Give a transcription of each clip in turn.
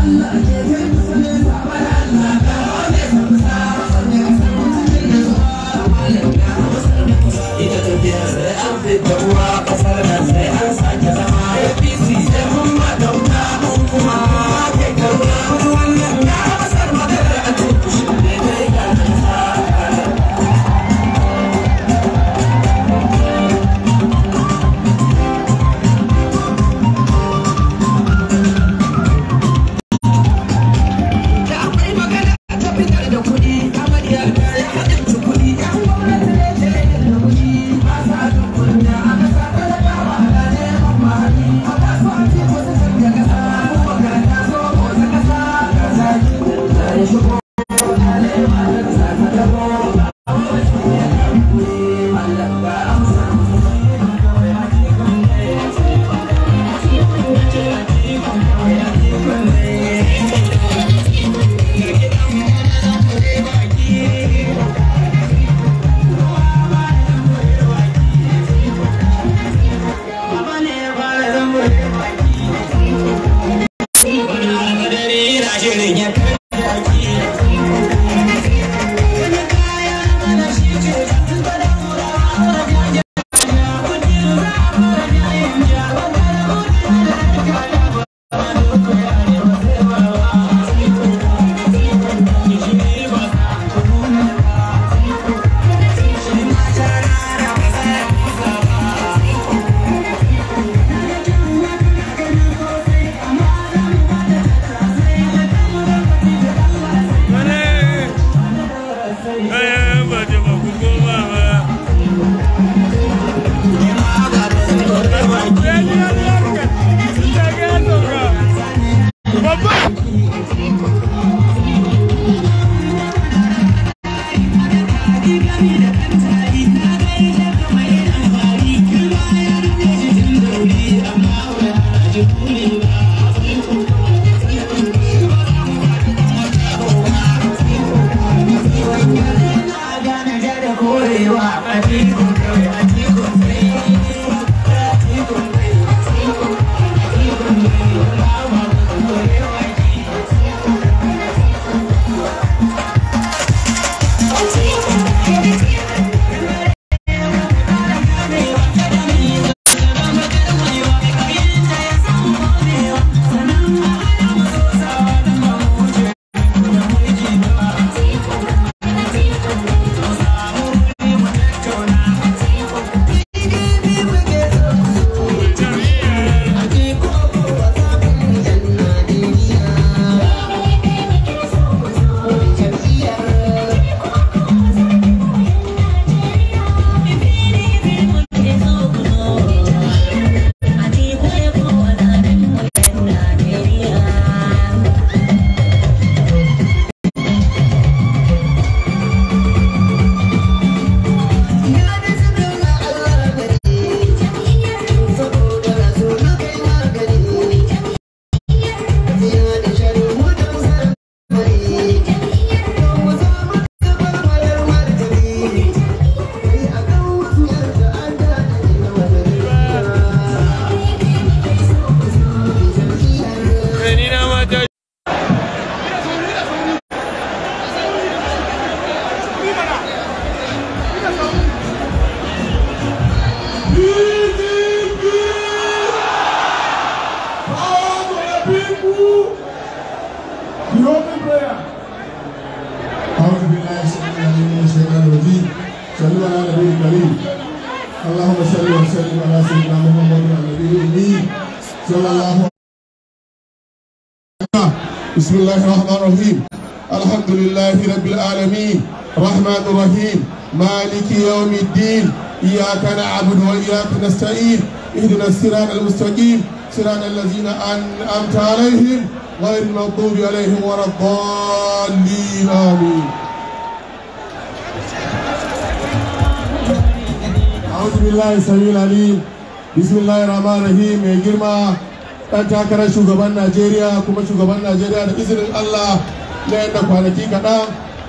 Allah ke بسم الله الرحمن الرحيم الحمد لله رب العالمين رحمن الرحيم مالك يوم الدين إياك نعبد وإياك نستعين اهدنا الصراط المستقيم صراط الذين أنعمت عليهم غير المغضوب عليهم ولا الضالين آمين أعوذ بالله السميع العليم بسم الله الرحمن الرحيم يا جماعة dan takarar shugaban najeriya kuma shugaban najeriya da izinin allah na yadda kwanaki kaɗan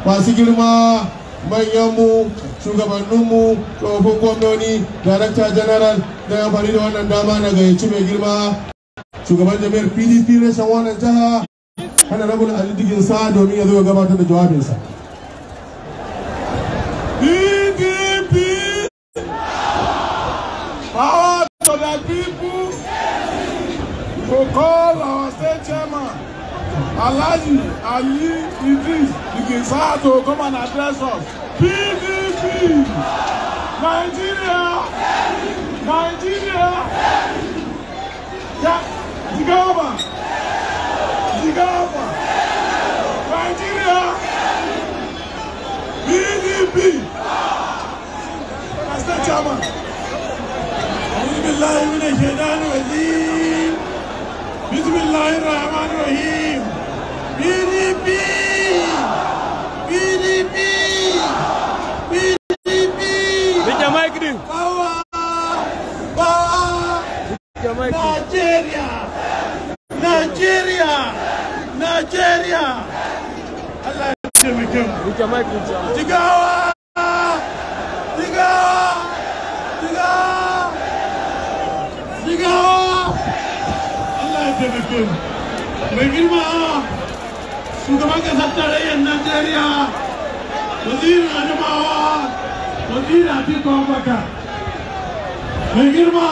masu girma manyanmu shugabanninmu tsofaffin gwamnoni darakta general da ya fari da wannan dama na gayyaci mai girma shugaban jami'ar pdp rashin wannan jiha hana rabin alidigin sa domin ya zo gabatar da jawabinsa pdp power to the people to call our state chairman, Alaji Ali Idris Igisa to come and address us. PDP! Nigeria! Nigeria! Yeah. Zigaba! Zigaba! Nigeria! PDP! Mr. Chairman, أعوذ بالله من الشيطان الرجيم Bismillahirrahmanirrahim. PDP! PDP! PDP! With the mic ring. Power! Power! With the mic Nigeria! Nigeria! Nigeria! Allah ya taimake mu. With the mic ring. Jigawa! taimake mu mai girma shugaban ƙasar tarayyar najeriya wazirin adamawa wazirin atiku abubakar mai girma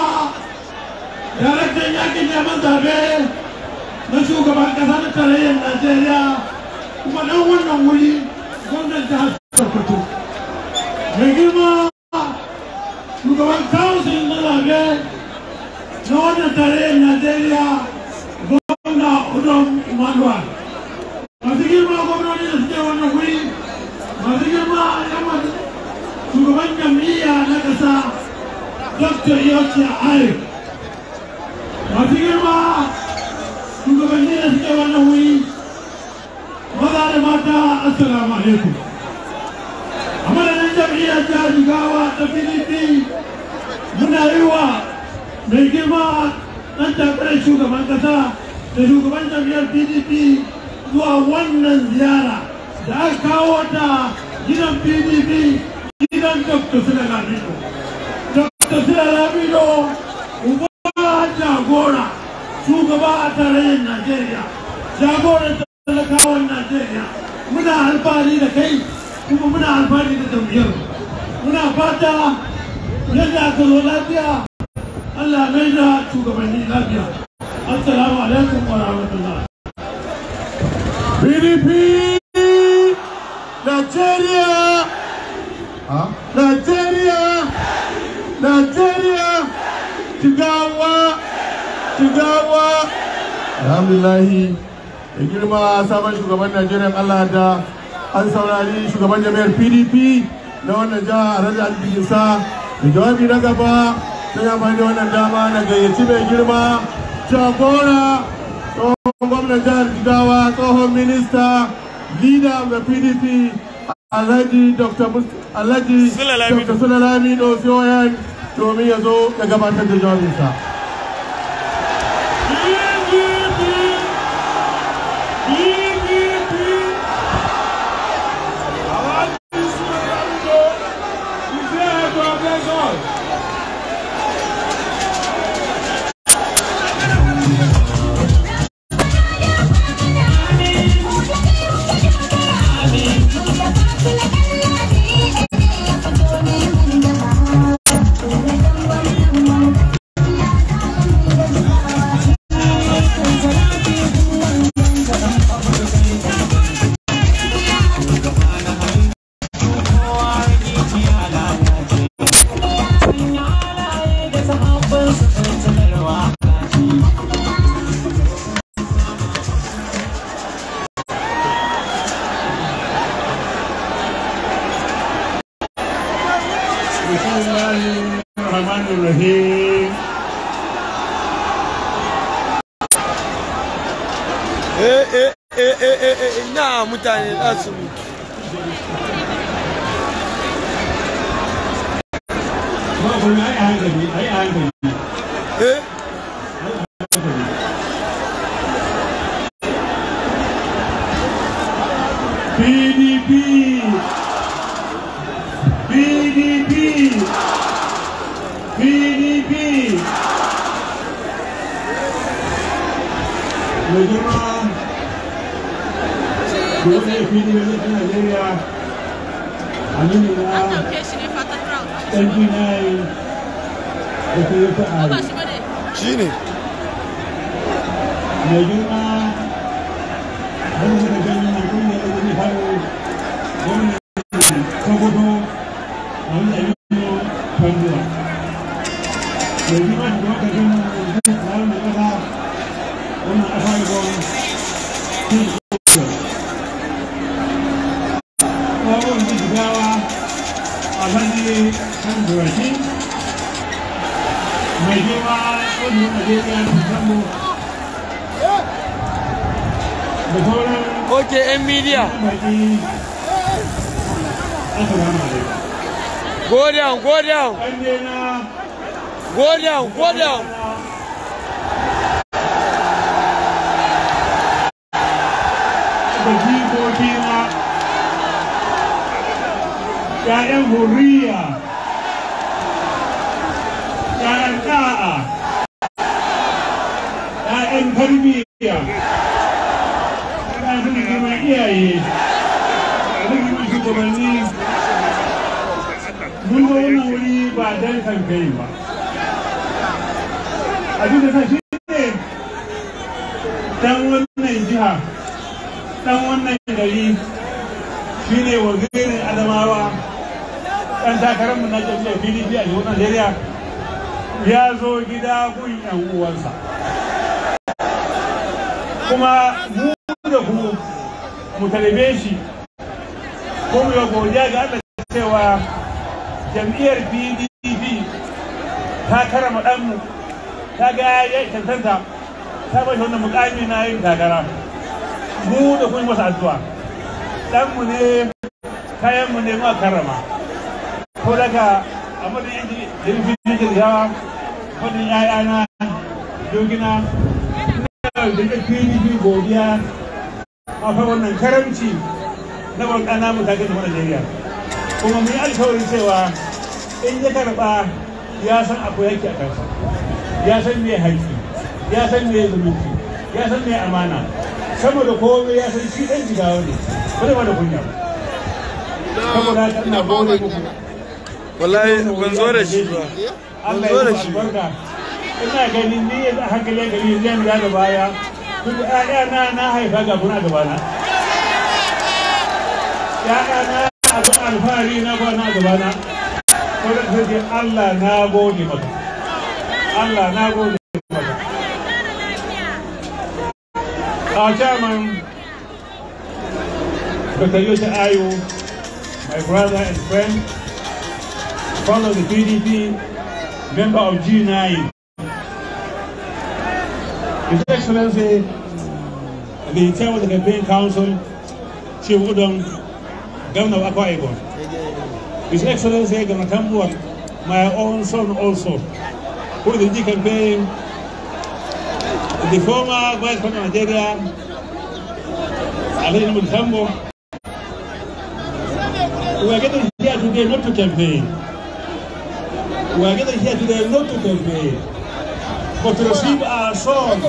daraktan yakin neman zaɓe na shugaban ƙasa na tarayyar najeriya kuma ɗan wuri gwamnan jihar mai girma shugaban kawo na zaɓe na najeriya Turyoki a Arif. Mafi girma shugabanni da suke wannan wuri maza da mata assalamu alaikum. A madadin jam'iyyar jihar Jigawa ta PDP muna yi wa mai girma shugaban ƙasa da shugaban jam'iyyar PDP zuwa wannan ziyara da aka kawo ta gidan PDP gidan Dr. Sulaiman Riko. Tafiya Lamido, uba jagora, shugaba a tarayyar Najeriya, jagoran talakawan Najeriya. Muna alfahari da kai, kuma muna alfahari da jam'iyyar. Muna fata yadda aka zo lafiya, Allah mai da shugabanni lafiya. Assalamu alaikum wa rahmatullah. PDP Nigeria! Najeriya. jigawa alhamdulahi da girma sabon shugaban najeriya allah da an saurari shugaban jami'ar pdp na wannan jiha a rajar da jawabi na gaba sai ya da wannan dama na gayyaci mai girma jagora tsohon gwamnan jihar jigawa tsohon minista leader of the pdp alhaji dr alhaji dr sulalami dosiyoyan domin ya zo ya gabatar da jawabinsa Rahman Rahim. Eh eh eh, eh eh eh nah, mutani, that's me. 이겼다 요새 비디오는 알레리아 아닙니다 땡기나이 에피오프 아이 지니 내주마 한국의 전문이 국내들이 하고 오늘 적어도 오늘 애교 변경 내주마 누가 대전하는 사람들과 Oke, ‘yan Go down, go down. Go down, go down. 'ya'yan huriya, ‘ya'yan ɗa'a ‘ya'yan tarbiyya ‘ya'yan girman iyaye ‘ya'yan girman shugabanni mun zo wannan wuri ba don kankai ba abin da sashi ne dan wannan jiha dan wannan gari shine wanzu mu na jam'iyyar pdp a jihar najeriya ya zo gida gun yan uwansa kuma mu da ku mu talibe shi ko mu yi godiya ga Allah cewa jam'iyyar pdp ta karama ɗanmu ta ga ya tantanta ta ba shi wannan mukami na yin takara mu da kun masa addu'a ɗanmu ne kayanmu ne ma karama ko daga a madadin jirgin jirgawa madadin yayana dogina da daga pdp godiya a fa wannan karamci na bauta namu ta wani najeriya kuma mun yi alkawarin cewa in ya karba ya san akwai yake a kansa ya san me haƙƙi ya san me zumunci ya san me amana saboda kome ya san shi ɗan jigawa ne ba da kunya saboda ina gode wallahi ban zo da shi ba ban zo da shi ba ina ganin ni a hankali gari zan da baya duk ƴaƴa na na haifa ga muna gaba na alfahari na ba na Allah na gode maka Allah na gode maka a chairman Dr. Yusuf Ayu, my brother and friend, part of the PDP, member of G9. His Excellency, the Chairman of the campaign council, Chief Udom, Governor of Akwa Ibom. His Excellency, Governor Tambuan, my own son also, who is the G campaign, the former Vice President of Nigeria, Alain Mutambo. We are getting here today not to campaign. We're going here today, not to convey, but to receive our song.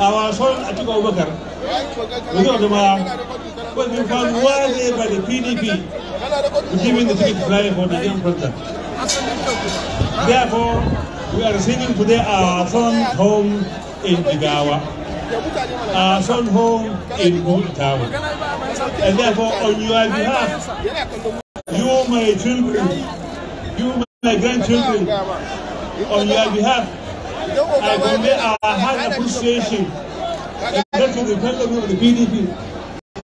Our song, Atiku Abubakar. We're the to um, have, we found worthy by the PDP, giving the ticket flying for the young brother. Therefore, we are singing today our son home in Digawa, our son home in Muitawa. And therefore, on your behalf, you, my children, you, my grandchildren, on your behalf, I convey our heart appreciation and gratitude to the President of the PDP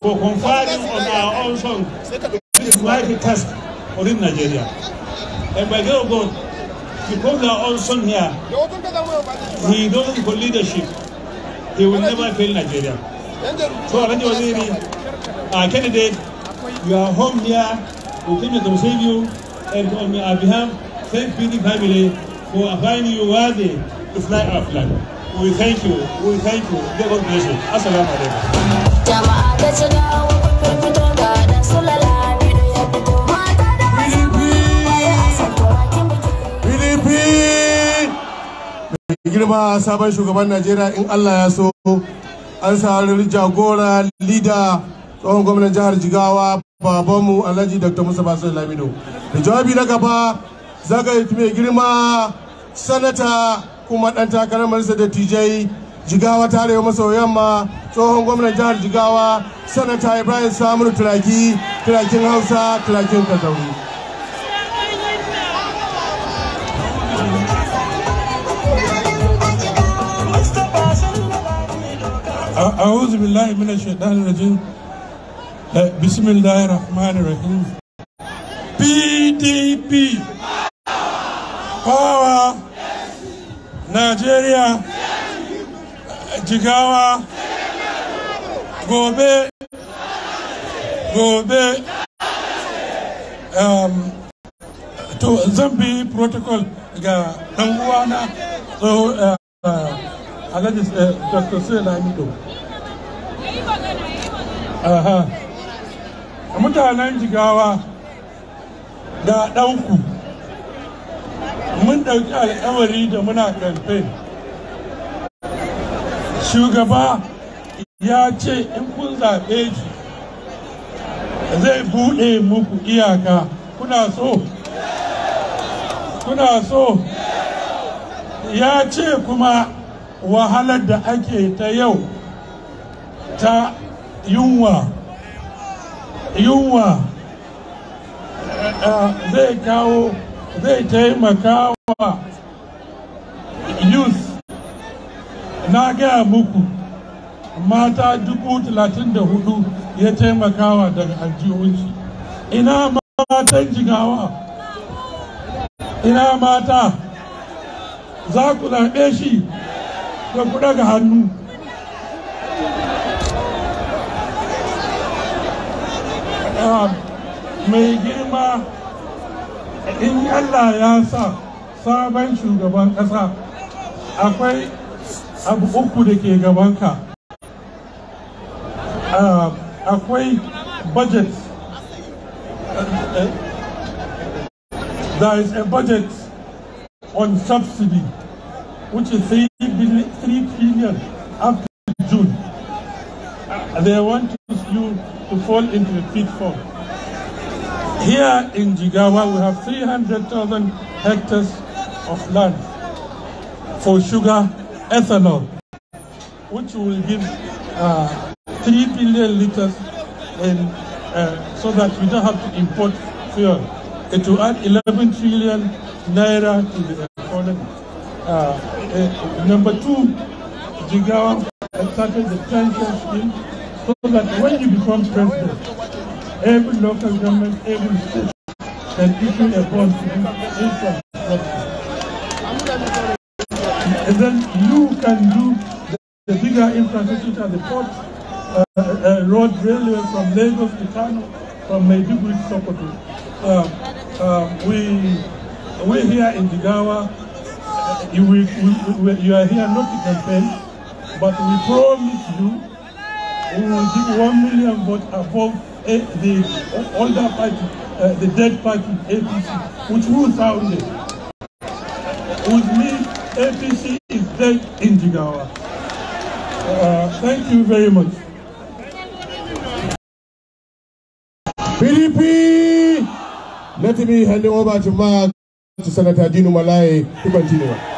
for conferring on our own song that is mighty task in Nigeria. And by the God, because they our own son here, he does it for leadership. He will never fail Nigeria. So, our candidate, you are home here. We came to save you. and on our behalf, thank Bidi family for finding you worthy to fly our flag. We thank you. We thank you. May God bless you. Assalamu alaikum. girma sabon shugaban najeriya in allah ya so an sa'arar jagora leader tsohon gwamnan jihar jigawa babanmu alhaji dr Musa basu lamido da jawabi na gaba yi mai girma sanata kuma dan takarar da tj jigawa ta arewa maso yamma tsohon gwamnan jihar jigawa sanata ibrahim samun turaki turakin hausa turakin kazauri أعوذ بالله من الشيطان الرجيم Eh, bismillahirrahmanirrahim. pdp power nigeria jigawa gobe gobe um, to zan protocol ga Tanguana. so uh, uh, alhaji uh, eh, dr sulaiman aha uh -huh. mutanen jigawa da ɗauku mun ɗauki alƙawari da muna ƙarfe shugaba ya ce in kun zaɓe shi zai buɗe muku iyaka kuna so kuna so ya ce kuma wahalar da ake ta yau ta yunwa yunwa eh, eh, zai kawo zai taimaka wa yus. na gaya muku mata dubu talatin da hudu ya taimakawa daga aljihunci ina matan jigawa ina mata za ku zaɓe shi da ku daga hannu mai girma in Allah ya sa sabon shugaban ƙasa akwai abu uku da ke gabanka ah, akwai budget there is a budget on subsidy which is 3 billion after They want you to fall into a pitfall. Here in Jigawa, we have 300,000 hectares of land for sugar ethanol, which will give uh, 3 billion liters in, uh, so that we don't have to import fuel. It will add 11 trillion naira to the economy. Uh, eh, number two, Jigawa started the pension scheme so that when you become president, every local government, every state can issue a bond to infrastructure. And then you can do the, bigger infrastructure, the port, uh, uh, uh road, railway from Lagos to Kano, from Maiduguri to Sokoto. Um, um, we, we're here in Jigawa. You, uh, we, we, we, you are here not to campaign, but we promise you we will give one million votes above a, eh, the older uh, party, uh, the dead party, APC, which we founded. Which means APC is dead in Jigawa. Uh, thank you very much. Philippi! Let me hand it over to Mark, to Senator Dino Malai to continue.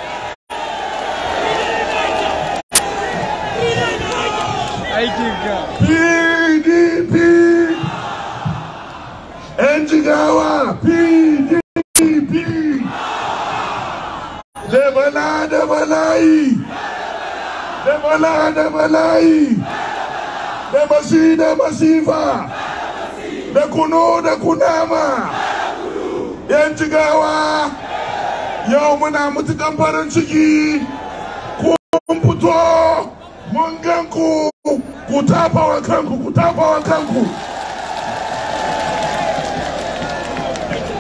jigawa pdp da bala da bala'i da bala da masifa da kuno da kunama yan jigawa yau muna mutukan farin ciki kun fito mun ganku ku tafa wa kanku ku tafa wa kanku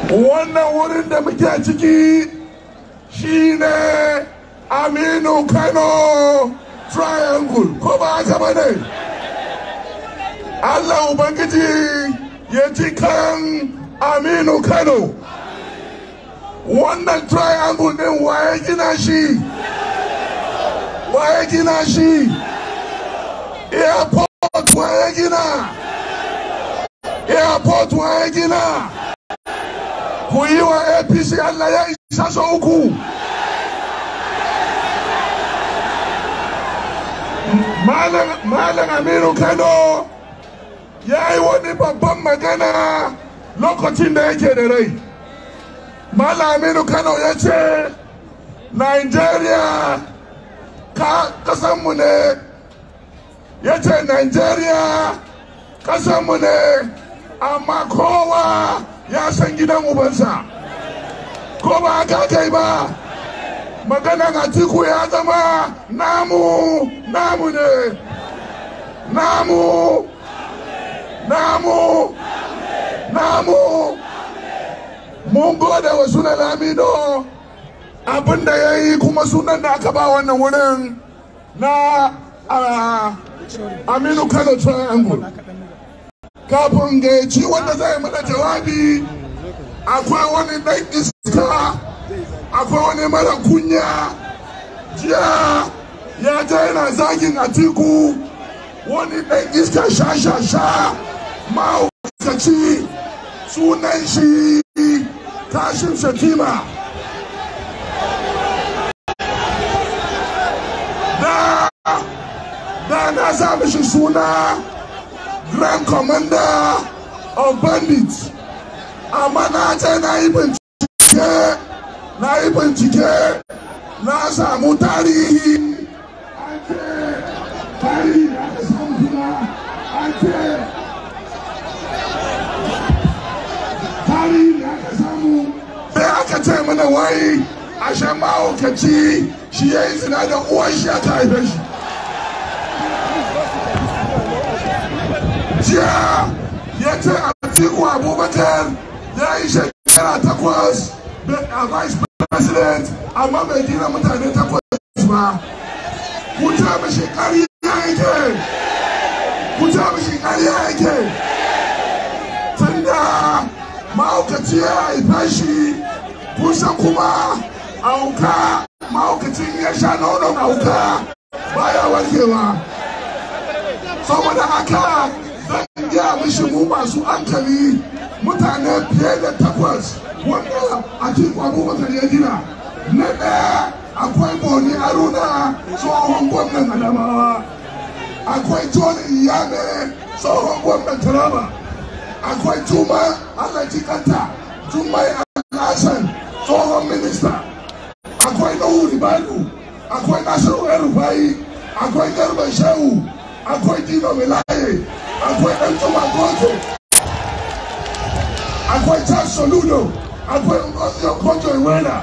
wannan wurin da muke ciki shine aminu kano triangle ko ba haka ba ne allah ubangiji ya ji kan aminu kano wannan triangle din waye gina shi waye gina shi airport waye gina airport waye gina ku yi wa apc allah ya isa so uku malam aminu kano ya yi wani babban magana lokacin da yake da rai malam aminu kano ya ce nigeria kasanmu ne ya ce nigeria kasanmu ne amma kowa ya san gidan ubansa ko ba ka kai ba maganan atiku ya zama namu namu ne namu namu namu mun gode wa sunan lamido abin da ya yi kuma sunan da aka ba wannan wurin na ah, aminu kano triangle kafin ga ya ci wanda zai mana jawabi akwai wani dan iska akwai wani mara kunya jiya ya je yana zagin atiku wani dan iska sha-sha-sha ma'aukaci sunan shi tashin shakima da na sa mishi suna grand commander of bandits amma na ce na yi bincike na yi bincike na samu tarihi an ce tarihi da sai aka ce mana wai ashe mahaukaci shi ya yi zina da uwan shi aka haife shi jiya ya ce atiku abubakar ya yi shekara takwas a vice president amma bai gina mutane takwas ba ku ta mishi ya yake ku ta mishi ya yake tunda ma'aukaci ya haifa shi kusa kuma auka mahaukacin ya sha nonon auka baya warkewa saboda haka zan gaya mishi mu masu hankali mutane fiye da takwas wanda a cikin abubakar ya gina na ɗaya akwai boni aruna tsohon gwamnan adamawa akwai john iyame tsohon gwamnan taraba akwai juma alhaji kanta jumai alhassan tsohon minista akwai nuhu ribalu akwai nasiru yan rufayi akwai Garba shehu akoe dino melaye akoe entoma goto akoe jackson ludo akoe okoto iwena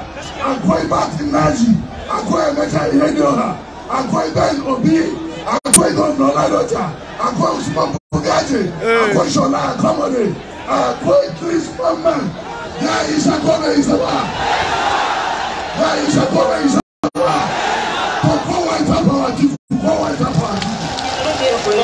akoe martin naji akoe emeka iredioha akoe ben obi akoe gomna oladoja akoe usman bugaje akoe shola akomode akoe chris mamman ya isakome isawa ya isakome isawa to power ita power give power ita.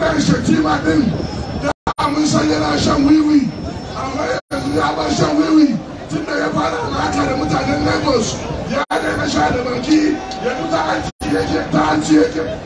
wannan shatima din da mun san yana shan wiwi amma yanzu ya bar shan wiwi tun da ya fara alaka da mutanen lagos ya daina sha da baki yanzu ta hanci yake ta hanci yake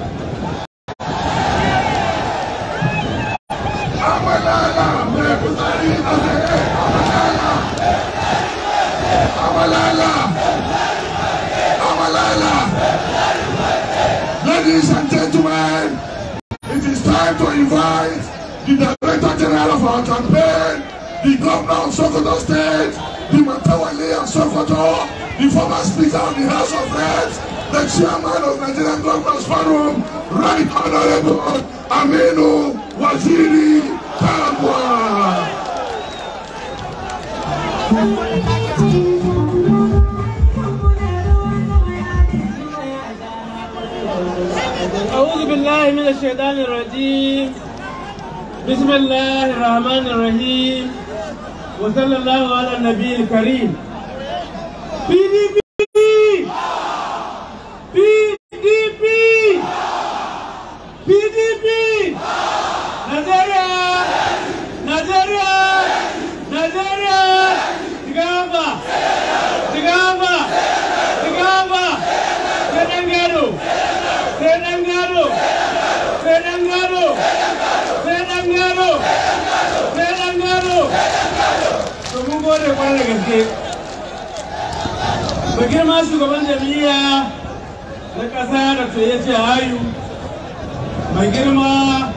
like to invite the Director General of our campaign, the Governor of Sokoto State, the Matawale of Sokoto, the former Speaker of the House of Reps, the Chairman of Nigerian Governors Forum, Right Honorable Aminu Waziri Karambwa. بالله من الشيطان الرجيم بسم الله الرحمن الرحيم وصلى الله على النبي الكريم ne kwanar da gaske girma shugaban Jami'a na ƙasa da ya a hayu mai girma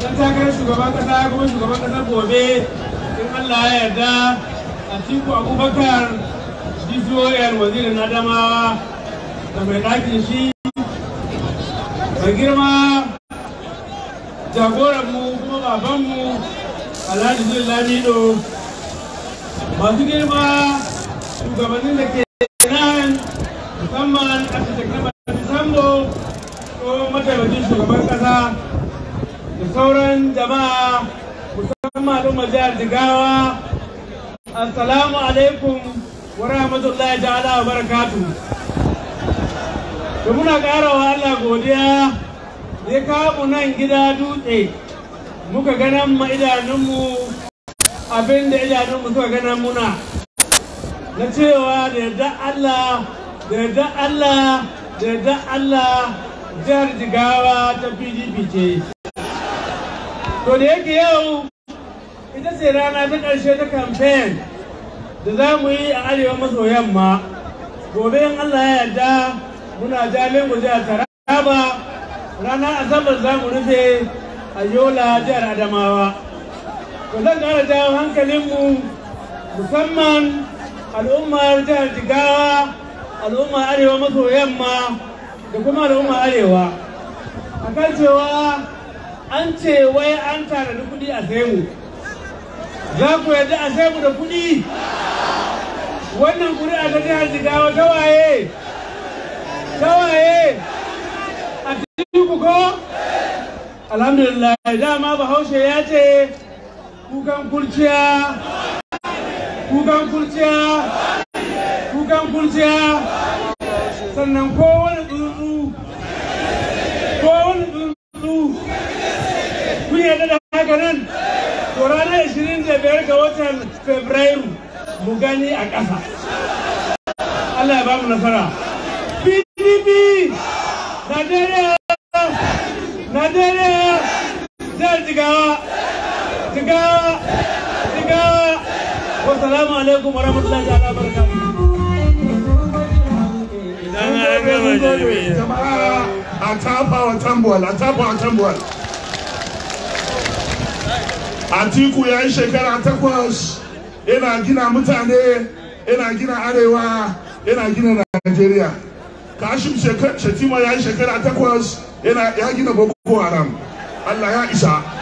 ɗan takarar shugaban ƙasa kuma shugaban ƙasar gobe in allah ya yarda a tiku abubakar dcol wazirin adamawa da mai ɗakin shi mai girma jagoranmu kuma babanmu alhaji jin lamido masu girma shugabannin da ke nan musamman a cikin sambo ko mataimakin shugaban kasa da sauran jama'a musamman al'ummar jihar jigawa assalamu alaikum wa rahmatullahi ta'ala wa barakatu da muna ƙara wa Allah godiya ya kawo nan gida dutse muka ganan ma idanunmu abin da mu suka gana muna na cewa da yadda Allah da yadda Allah da yadda Allah jihar jigawa ta pdp ce to da yake yau ita ce rana ta ƙarshe ta kamfen da za mu yi a arewa maso yamma gobe in allah ya yarda muna jalingu jihar taraba ranar asabar zamu mu rufe a yola jihar adamawa wannan zan ƙara jawo hankalinmu musamman al'ummar jihar jigawa al'ummar arewa maso yamma da kuma al'ummar arewa a kan cewa an ce wai an da kuɗi a mu za ku yadda a mu da kuɗi wannan kudi a jihar jigawa ta waye ta waye a cikin ko alhamdulillah dama bahaushe ya ce kukan kurciya kukan kurciya kukan kurciya sannan kowane tsuntsu kowane tsuntsu kun yarda da haka nan to ranar ishirin da biyar ga watan fabrairu mu gani a ƙasa Allah ya ba mu nasara PDP Najeriya Najeriya jihar Jigawa diga diga wasalamu alaikum warahmatullahi ta'ala barakatuh idan an gama jami'a jama'a a tafa wa tambuwal a tafa wa tambuwal atiku ya yi shekara takwas ina gina mutane ina gina arewa ina gina najeriya kashim shatima ya yi shekara takwas yana ya gina boko haram allah ya isa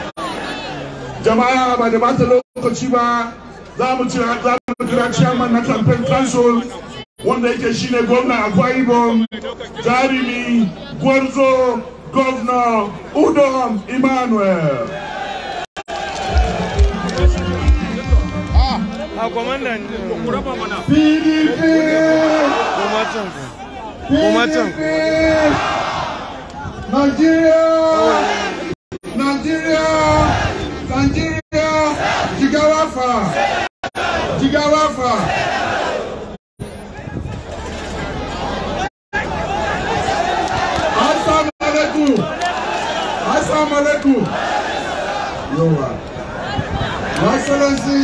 jama'a ba da bata lokaci ba za mu cira za mu kira chairman na campaign council wanda yake shine gwamna akwa ibom jarimi gwarzo governor udom emmanuel ah, Nigeria! Nigeria! Nigeria, Jigawa Far, Jigawa Far. Assalamu alaikum. Uh, Your Excellency,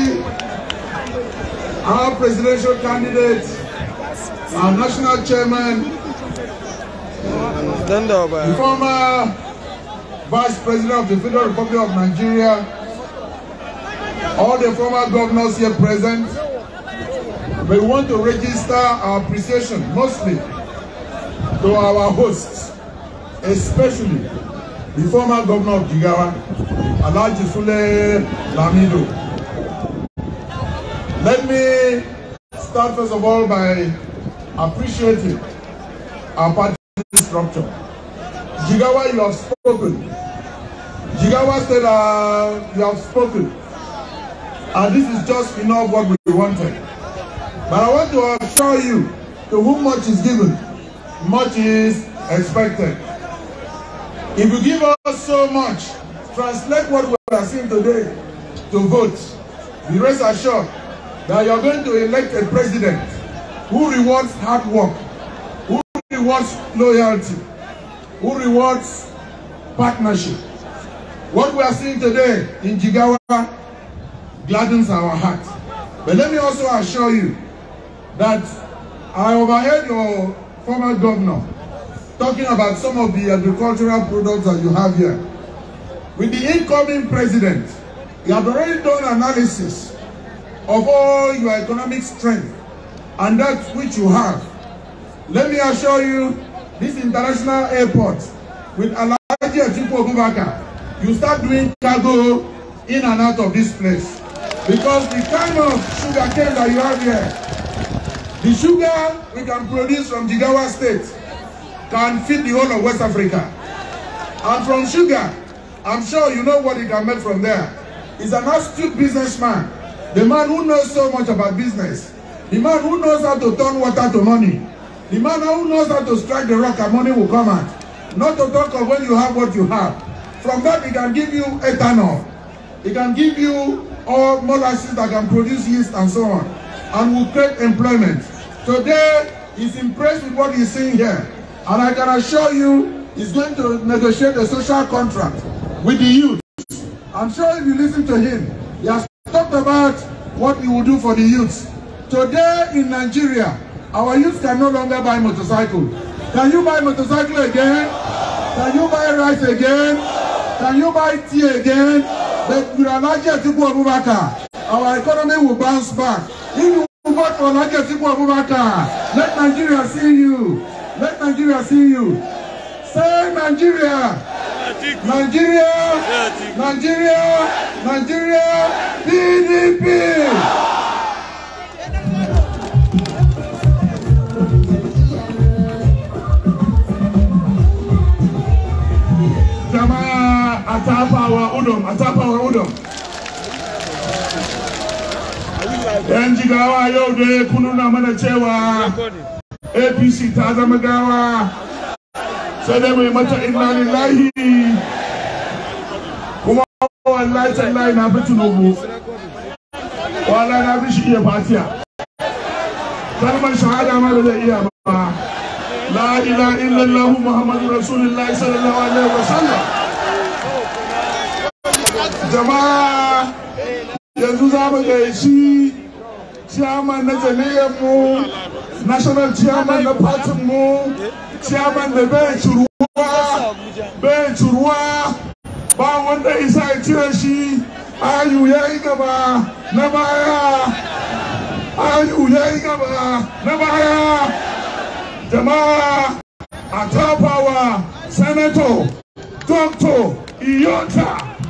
our presidential candidate, our national chairman, Stand uh, former Vice President of the Federal Republic of Nigeria, all the former governors here present, we want to register our appreciation mostly to our hosts, especially the former governor of Jigawa, Alhaji Sule Lamido. Let me start first of all by appreciating our party structure. Jigawa, you have spoken. Jigawa said, uh, you have spoken. And this is just enough what we wanted. But I want to assure you, to whom much is given, much is expected. If you give us so much, translate what we are seeing today to vote. Be rest assured that you are going to elect a president who rewards hard work, who rewards loyalty, who rewards partnership. What we are seeing today in Jigawa gladdens our heart. But let me also assure you that I overheard your former governor talking about some of the agricultural products that you have here. With the incoming president, you have already done analysis of all your economic strength and that which you have. Let me assure you this international airport with Alhaji Atiku Abubakar, you start doing cargo in and out of this place. Because the kind of sugar cane that you have here, the sugar we can produce from Jigawa State can feed the whole of West Africa. And from sugar, I'm sure you know what you can make from there. He's an astute businessman, the man who knows so much about business, the man who knows how to turn water to money, The man who knows how to strike the rock and money will come out. Not to talk of when you have what you have. From that, he can give you ethanol. He can give you all molasses that can produce yeast and so on. And will create employment. Today, he's impressed with what he's seeing here. And I can assure you, he's going to negotiate a social contract with the youth. I'm sure if you listen to him, he has talked about what he will do for the youths. Today in Nigeria, Our youth can no longer buy motorcycle. Can you buy motorcycle again? Can you buy rice again? Can you buy tea again? But with Alaji Atiku Abubakar, our economy will bounce back. If you vote for Alaji Atiku Abubakar, let Nigeria see you. Let Nigeria see you. Say Nigeria. Nigeria. Nigeria. Nigeria. PDP. a tafawa udom a udom yan jigawa yau dai kun nuna mana cewa apc ta zama gawa sai dai mai mata inna lillahi kuma wallahi tallahi na fi tunubu wallahi na fi shi iya fatiya kalmar shahada ma ba zai iya ba la ilaha illallah muhammadu rasulullahi sallallahu alaihi wasallam jama'a yanzu za mu gaishi chairman na jami'ar mu national chairman na fatin mu chairman da bai curuwa bai curuwa ba wanda isa ya cire shi ayu ya yi gaba na baya ayu ya yi gaba na baya jama'a a tafawa senator doctor iyota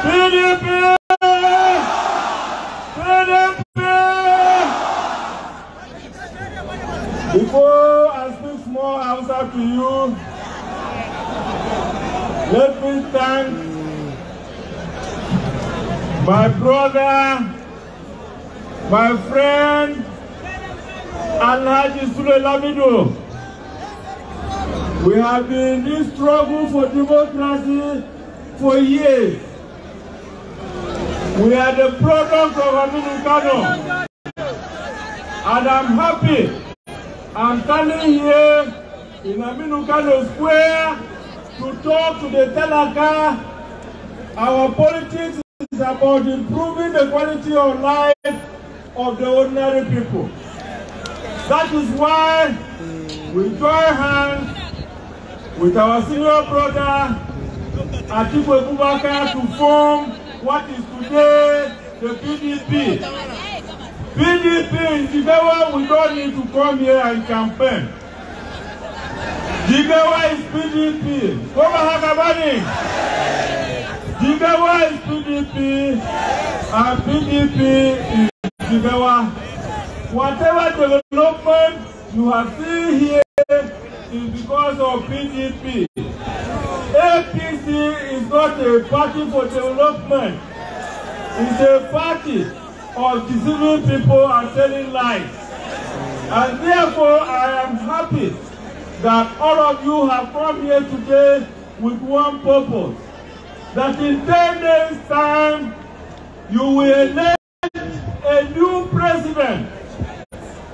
PDP. PDP. Before I speak more answer to you, let me thank my brother, my friend, Alhaji Sule Lamido. We have been in this struggle for democracy for years. We are the product of Aminu Kano. And I'm happy. I'm standing here in Aminu Kano Square to talk to the Telaka. Our politics is about improving the quality of life of the ordinary people. That is why we join hands with our senior brother Atiku Abubakar to form what is the PDP. PDP in Jigawa, we don't need to come here and campaign. Jigawa is PDP. Come on, Hakabani. Jigawa is PDP. And PDP is Jigawa. Whatever development you have seen here is because of PDP. APC is not a party for development is a party of deceiving people and telling lies. And therefore, I am happy that all of you have come here today with one purpose. That in 10 days' time, you will elect a new president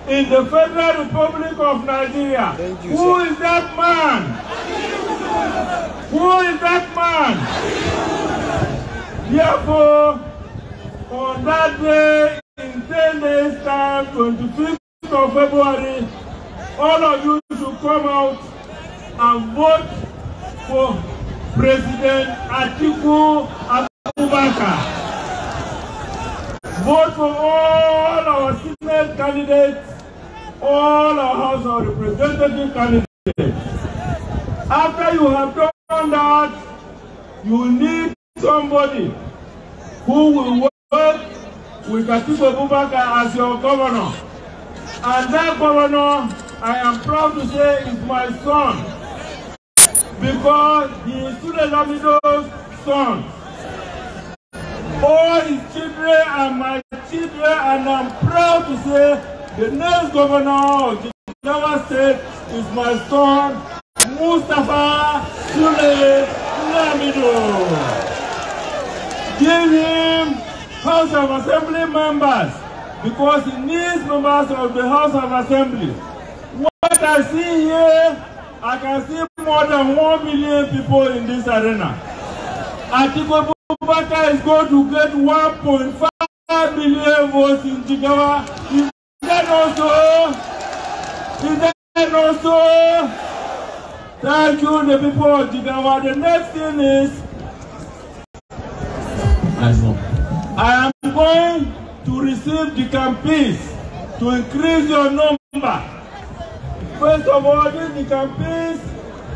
in the Federal Republic of Nigeria. You, Who is that man? Who is that man? Therefore, On that day, in ten days' time, twenty fifth of February, all of you should come out and vote for President Atiku Abubakar. Vote for all our Senate candidates, all our House of Representatives candidates. After you have done that, you need somebody who will work with Atiku Abubakar as your governor. And that governor, I am proud to say, is my son. Because he is Sule Lamido's son. All his children are my children, and I'm proud to say the next governor of Jigawa State is my son, Mustafa Sule Lamido. Give him House of Assembly members because these members of the House of Assembly, what I see here, I can see more than one million people in this arena. Atiku Abubakar is going to get 1.5 million votes in Jigawa. Is that also? Is that also? Thank you, the people of Jigawa. The next thing is. I know. I am going to receive the campaigns to increase your number. First of all, the campaigns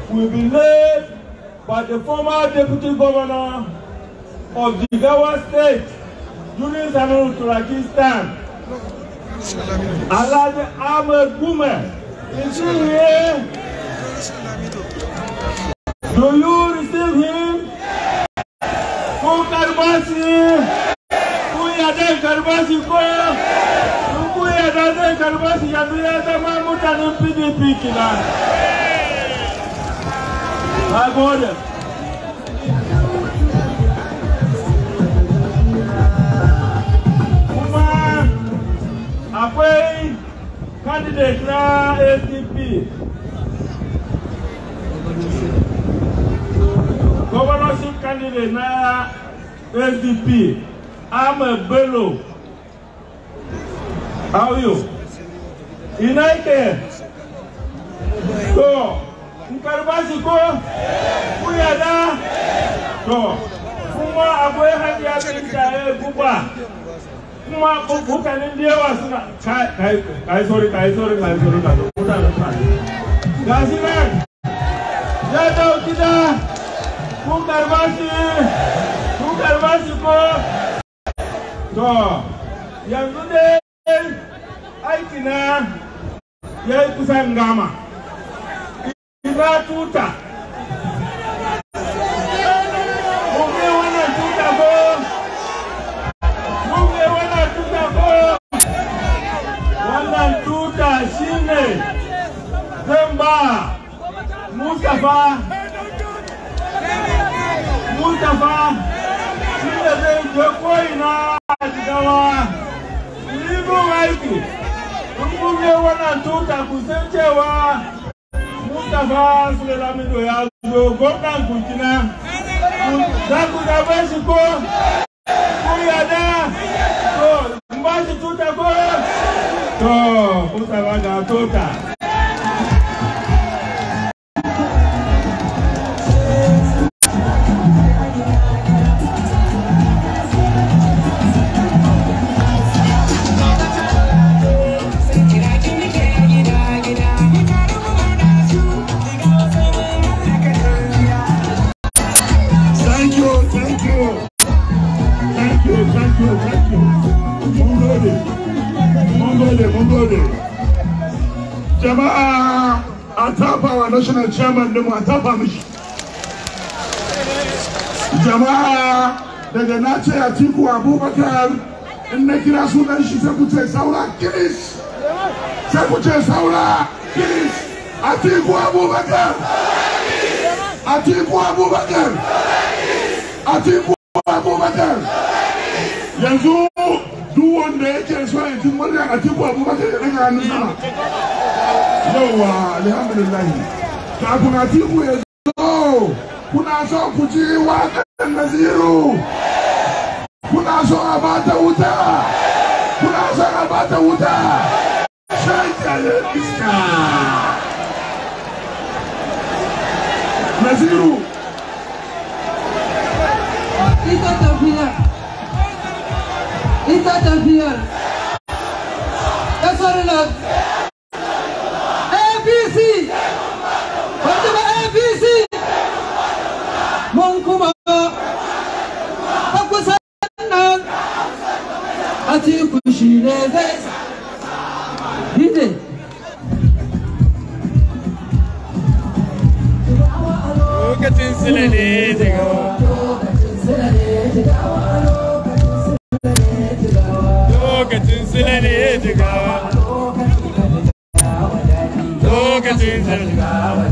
will be led by the former deputy governor of the Jigawa State, Yunus Hamid Turakistan, Alhaji Ahmed Gume. Is he here? Do you receive him? Yes. Who karɓa koya in ku yarda zai karɓa shi yanzu ya zama mutanen pdp kina kuma akwai candidate na ACP governorship candidate na SDP Ahmed Bello How are you? United. To. Nkarubasi ko? Kuyada? To. Kuma akwai hajiya bin jaye guba. Kuma mutanen da yawa suna kai sorry kai sorry kai sorry ka to. Ga shi nan. Ya dauki da kun karba shi kun karba shi ko? To yanzu dai aiki na ya yi kusan gama. Ina tuta. yanzu duk wanda yake so ya ji murya a tiku abubakar ya daga hannu sama yauwa alhamdulillahi kafin a tiku ya zo kuna so ku ji waƙar naziru kuna so a bata wuta kuna so a bata wuta shakaye iska naziru Thank you. Kita champion. Nasarullah. APC. Fatima APC. Mun kuma ta kusan nan. A sila ne jigawa lokacin da jigawa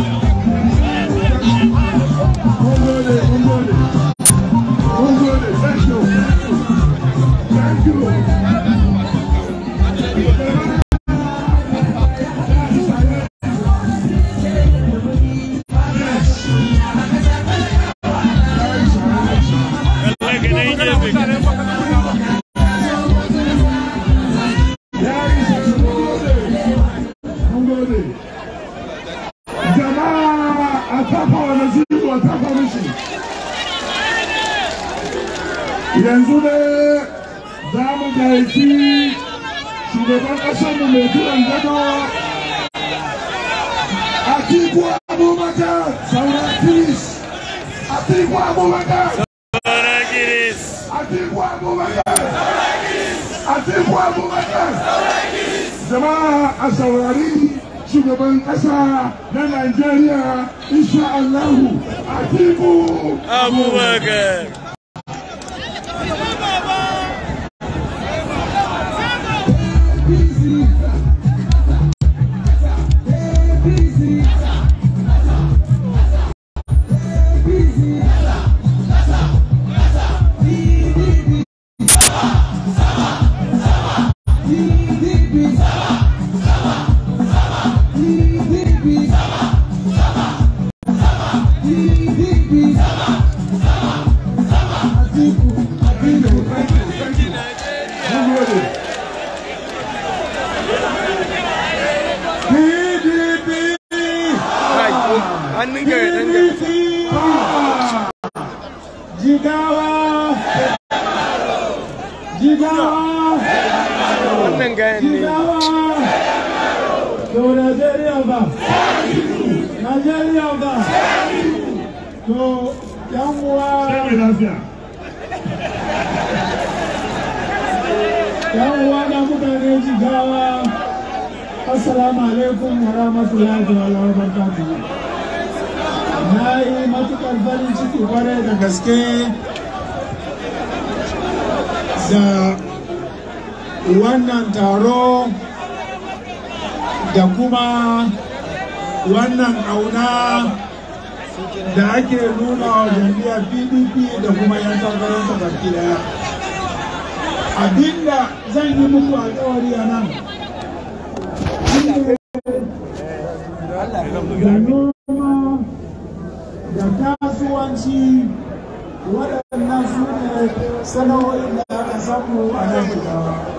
Let's go. gaske da wannan taro da kuma wannan auna da ake nuna wa jami'a pdp da kuma yan takararsa baki daya abinda zan yi muku tsawari a nan da kasuwanci waɗannan su ne sana'o'in da aka samu a nan jigawa